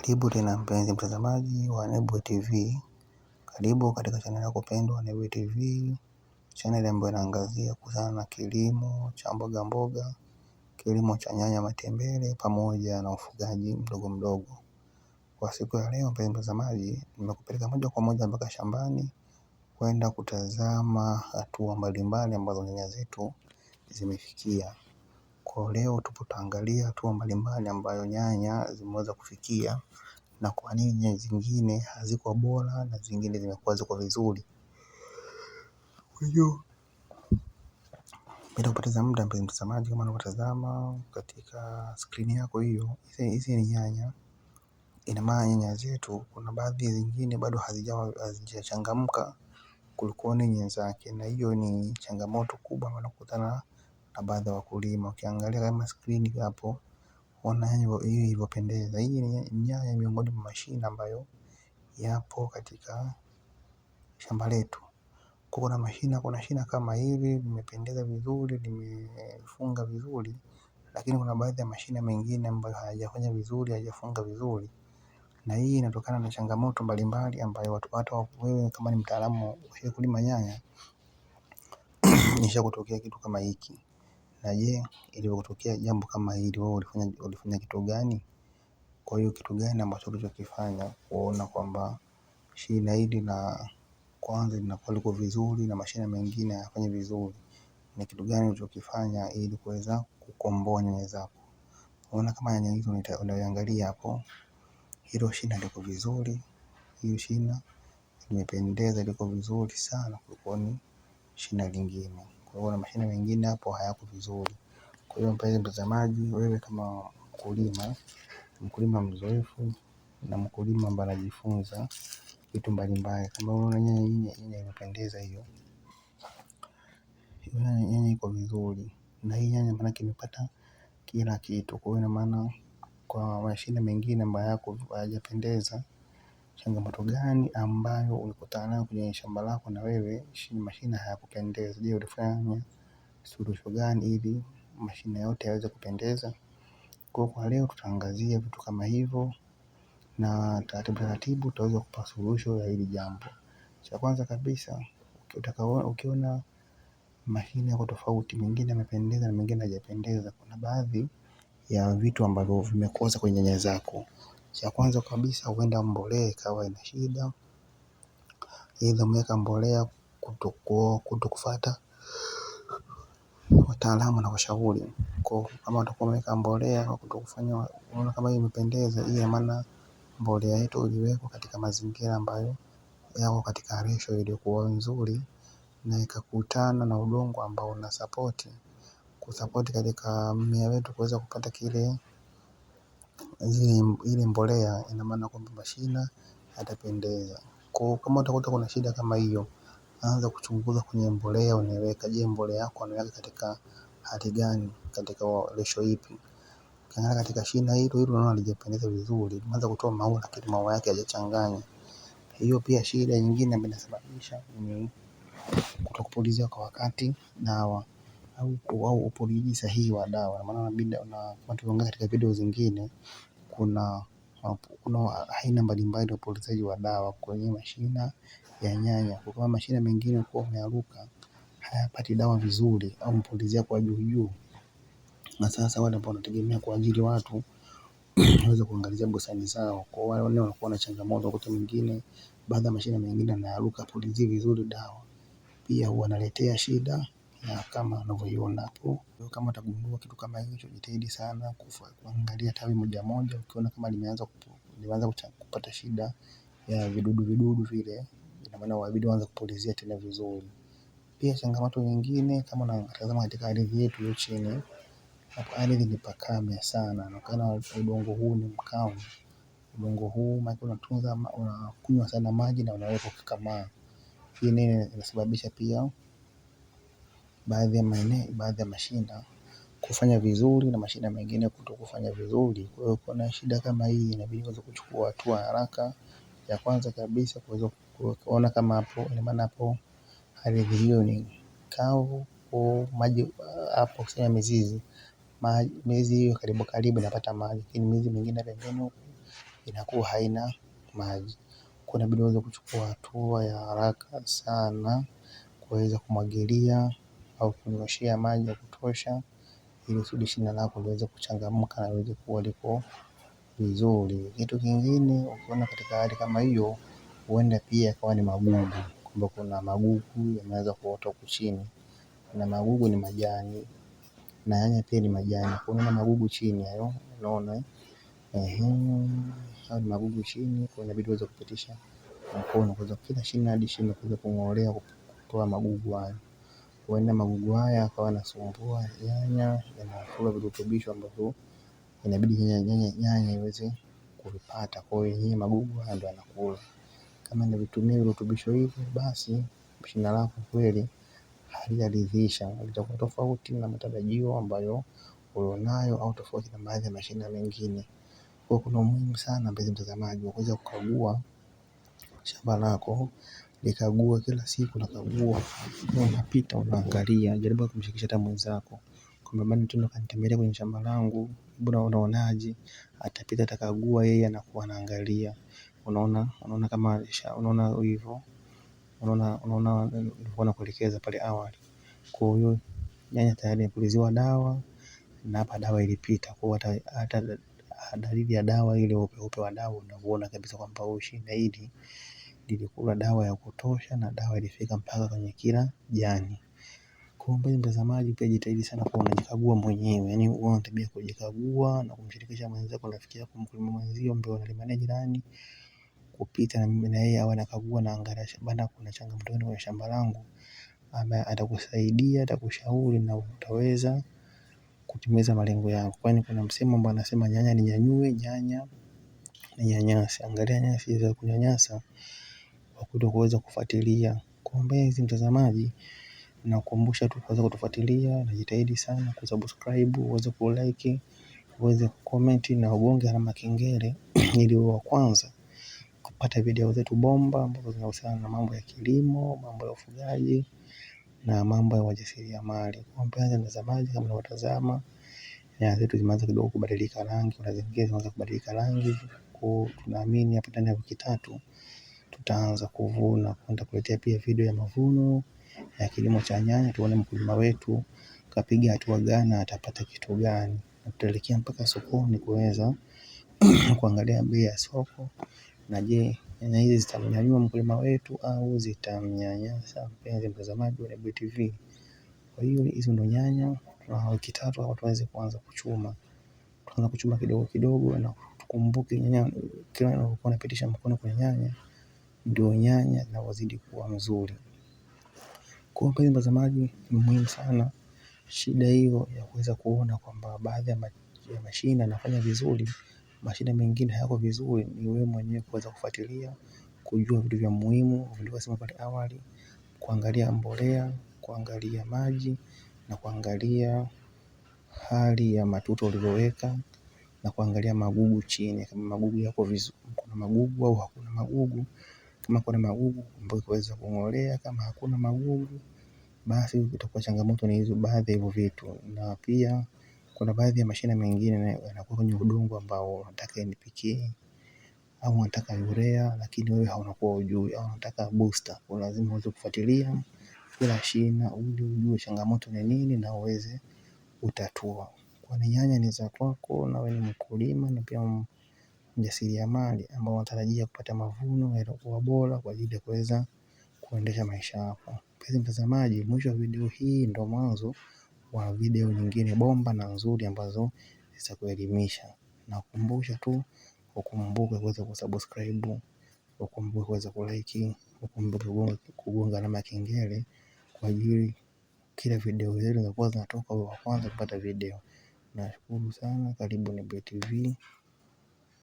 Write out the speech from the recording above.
Karibu tena mpenzi mtazamaji wa Nebuye TV. Karibu katika chaneli yako pendwa Nebuye TV, chaneli ambayo inaangazia kuhusiana na kilimo cha mboga mboga, kilimo cha nyanya matembele, pamoja na ufugaji mdogo mdogo. Kwa siku ya leo, mpenzi mtazamaji, nimekupeleka moja kwa moja mpaka shambani kwenda kutazama hatua mbalimbali ambazo nyanya zetu zimefikia. Kwa leo tupo tutaangalia hatua mbalimbali ambayo nyanya zimeweza kufikia na kwa nini zingine hazikuwa bora na zingine zimekuwa ziko vizuri. Kwa hiyo bila kupoteza muda mpenzi mtazamaji, kama unavyotazama katika skrini yako hiyo, hizi ni nyanya. Ina maana nyanya zetu kuna baadhi zingine bado hazijachangamka kuliko nyanya zake, na hiyo ni changamoto kubwa ambayo nakutana na baadhi ya wakulima ukiangalia kama skrini hapo ona hiyo ilivyopendeza. Hii ni nyaya miongoni mwa mashine ambayo yapo katika shamba letu. Kuna mashina, kuna shina kama hivi limependeza vizuri, limefunga vizuri, lakini kuna baadhi ya mashina mengine ambayo hayajafanya vizuri, hayajafunga vizuri, na hii inatokana na changamoto mbalimbali ambayo watu hata wewe kama ni mtaalamu wa kulima nyanya, ishakutokea kitu kama hiki na je, ilivyotokea jambo kama hili wewe ulifanya kitu gani? Kwa hiyo kitu gani ambacho ulichokifanya kuona kwamba shina hili la kwanza linakuwa liko vizuri na mashina mengine hayafanyi vizuri. Ni kitu gani ulichokifanya ili kuweza kukomboa nyanya zako. Unaona kama nyanya hizo unayoangalia hapo, hilo shina liko vizuri, hiyo shina limependeza liko vizuri sana kuliko ni shina lingine. Kwa hiyo na mashina mengine hapo hayako vizuri. Kwa hiyo mpenzi mtazamaji, wewe kama mkulima, mkulima mzoefu na mkulima ambaye anajifunza vitu mbalimbali, kama unaona nyanya nyanya inapendeza hiyo nyanya iko vizuri, na hii nyanya manake imepata kila kitu. Kwa hiyo ina maana kwa mashina mengine ambayo hayajapendeza Changamoto gani ambayo ulikutana nayo kwenye shamba lako na wewe mashina hayakupendeza? Je, ulifanya suluhisho gani ili mashina yote yaweze kupendeza? Kwa kwa leo tutaangazia vitu kama hivyo na taratibu taratibu tutaweza kupata suluhisho ya hili jambo. Cha kwanza kabisa ukiona mashina yako tofauti, mengine yamependeza na mengine hayajapendeza, kuna baadhi ya vitu ambavyo vimekosa kwenye nyanya zako. Cha kwanza kabisa huenda mbolea ikawa ina shida, aidha umeweka mbolea kutokufuata wataalamu na washauri. Kama utakuwa umeweka mbolea kwa kutokufanya unaona kama imependeza, hiyo ina maana mbolea yetu iliwekwa katika mazingira ambayo yako katika resho iliyokuwa nzuri na ikakutana na udongo ambao una support kusapoti katika mmea wetu kuweza kupata kile ile mbolea, ina maana kwamba mashina yatapendeza. Kwa hiyo kama utakuta kuna shida kama hiyo, anza kuchunguza kwenye mbolea unaweka Je, mbolea yako unaweka katika hali gani, katika lesho ipi? Ukiangalia katika shina hilo hilo unaona halijapendeza vizuri, limeanza kutoa maua lakini maua yake hayajachanganya. Hiyo pia shida nyingine ambayo inasababisha ni kutokupulizia kwa wakati dawa au upulizi sahihi wa dawa maana bila kama tuliongea katika video zingine kuna kuna aina mbalimbali ya upulizaji wa dawa kwenye mashina ya nyanya kwa kuwa mashina mengine huwa yameanguka hayapati dawa vizuri au mpulizia kwa juu juu na sasa wale ambao wanategemea kwa ajili watu waweze kuangalizia bustani zao kwa wale wale wanakuwa na changamoto wakati mwingine baadhi ya mashina mengine yanaanguka hayapuliziwi vizuri dawa pia huwa analetea shida na kama unavyoiona hapo, kama utagundua kitu kama hicho, jitahidi sana kuangalia tawi moja moja, ukiona kama limeanza kupata shida ya vidudu vidudu vile, ina maana wabidi waanze kupulizia tena vizuri. Pia changamoto nyingine, kama unatazama katika ardhi yetu hiyo chini, ardhi ni pakame sana, nakana udongo huu ni mkavu. Udongo huu maana unatunza unakunywa sana maji na unaweza kukamaa. Hii nini inasababisha pia baadhi ya maeneo, baadhi ya mashina kufanya vizuri na mashina mengine kutokufanya vizuri. Kwa hiyo kuna shida kama hii inabidi uweze kuchukua hatua haraka. Ya kwanza kabisa kuweza kuona kama hapo ina maana hapo ardhi hiyo ni kavu au maji hapo kusema mizizi mizizi hiyo karibu karibu inapata maji, lakini mizizi mingine pembeni huku inakuwa haina maji. Kwa hiyo inabidi uweze kuchukua hatua ya haraka sana kuweza kumwagilia au kunyweshea maji ya kutosha ili kusudi shina lako liweze kuchangamka na liweze kuwa liko vizuri. Kitu kingine ukiona katika hali kama hiyo huenda pia ikawa ni magugu, kwamba kuna magugu yameweza kuota huku chini na magugu ni majani na nyanya pia ni majani, kuna magugu chini hayo unaona hayo ni magugu chini, kwa inabidi uweze kupitisha mkono kuweza kila shina hadi shina kuweza kung'olea kutoa magugu hayo huenda magugu haya yakawa yanasumbua nyanya, yanafuga virutubisho ambavyo inabidi nyanya iweze kuvipata. Kwa hiyo yenyewe magugu haya ndio yanakula. Kama nilitumia virutubisho hivi, basi shina lako kweli halijaridhisha, litakuwa tofauti na matarajio ambayo ulionayo au tofauti na baadhi ya mashina mengine. Kwa hiyo kuna umuhimu sana mpenzi mtazamaji wa kuweza kukagua shamba lako nikagua kila siku nakagua, unapita unaangalia, jaribu kumshirikisha hata mwenzako kwamba bwana twende ukanitembelea kwenye shamba langu, mbona unaonaje? Atapita atakagua, yeye anakuwa anaangalia, unaona unaona kama unaona hivyo, unaona unaona nilikuwa nakuelekeza pale awali. Kwa hiyo nyanya tayari imepuliziwa dawa na hapa dawa ilipita, kwa hata hata dalili ya dawa ile, upeupe wa dawa unaona kabisa kwamba huu ushahidi lilikula dawa ya kutosha na dawa ilifika mpaka kwenye kila jani. Kwa mpenzi mtazamaji, pia jitahidi sana kuwa unajikagua mwenyewe, yaani uwe na tabia kujikagua na kumshirikisha mwenzako, rafiki yako, mkulima mwenzio ambaye unalima jirani, kupita na mimi na yeye awe anakagua na angalia shambani kuna changamoto gani kwenye shamba langu, ambaye atakusaidia, atakushauri na utaweza kutimiza malengo yako, kwani kuna msemo ambao anasema nyanya ni nyanyue, nyanya ni nyanyasa. Angalia nyanya zisizo kunyanyasa wa kutokuweza kufuatilia. Kwa mpenzi mtazamaji, nakukumbusha tu kuweza kutufuatilia, na jitahidi sana kusubscribe, uweze kulike, uweze kucomment na ugonge alama kengele ili uwe wa kwanza kupata video zetu bomba ambazo zinahusiana na mambo ya kilimo, mambo ya ufugaji na mambo ya wajasiriamali. Kwa mpenzi mtazamaji, kama unavyotazama nyaya zetu zimeanza kidogo kubadilika rangi, kuna zingine zimeanza kubadilika rangi, tunaamini hapa ndani ya wiki tatu tutaanza kuvuna, kuletea pia video ya mavuno ya kilimo cha nyanya, tuone mkulima wetu kapiga hatua gani, atapata kitu gani, na tutaelekea mpaka sokoni kuweza kuangalia bei ya soko, na je, nyanya hizi zitamnyanyua mkulima wetu au zitamnyanyasa? Mpenzi mtazamaji wa Nebuye TV, kwa hiyo hizo ndo nyanya, na wiki tatu hapa tuweze kuanza kuchuma, tuanza kuchuma kidogo kidogo, na tukumbuke nyanya, kila unapokuwa unapitisha mkono kwenye nyanya ndio nyanya wazidi kuwa mzuri. Kwa hiyo mpenzi mtazamaji, ni muhimu sana shida hiyo ya kuweza kuona kwamba baadhi ya mashina yanafanya vizuri, mashina mengine hayako vizuri, ni wewe mwenyewe kuweza kufuatilia, kujua vitu vya muhimu vilivyosema pale awali, kuangalia mbolea, kuangalia maji na kuangalia hali ya matuta ulivyoweka na kuangalia magugu chini, kama magugu yako vizuri, kuna magugu au hakuna magugu. Kama kuna magugu ambayo kuweza kung'olea, kama hakuna magugu, basi itakuwa changamoto ni hizo baadhi ya hivyo vitu, na pia kuna baadhi ya mashina mengine yanakuwa kwenye udongo ambao unataka NPK au unataka urea, lakini wewe haunakuwa ujui au unataka booster, kwa lazima uweze kufuatilia kila shina uje ujue changamoto ni nini na uweze kutatua, kwani nyanya ni za kwako na wewe ni mkulima na pia mjasiriamali ambao wanatarajia kupata mavuno yaliyokuwa bora kwa ajili ya kuweza kuendesha maisha yao Mpenzi mtazamaji, mwisho wa video hii ndo mwanzo wa video nyingine bomba na nzuri ambazo zitakuelimisha. Nakukumbusha tu ukumbuke kuweza kusubscribe, ukumbuke kuweza kulike, ukumbuke kugonga alama ya kengele kwa ajili kila video zetu zinakuwa zinatoka wa kwanza kupata video. Nashukuru sana, karibu Nebuye TV.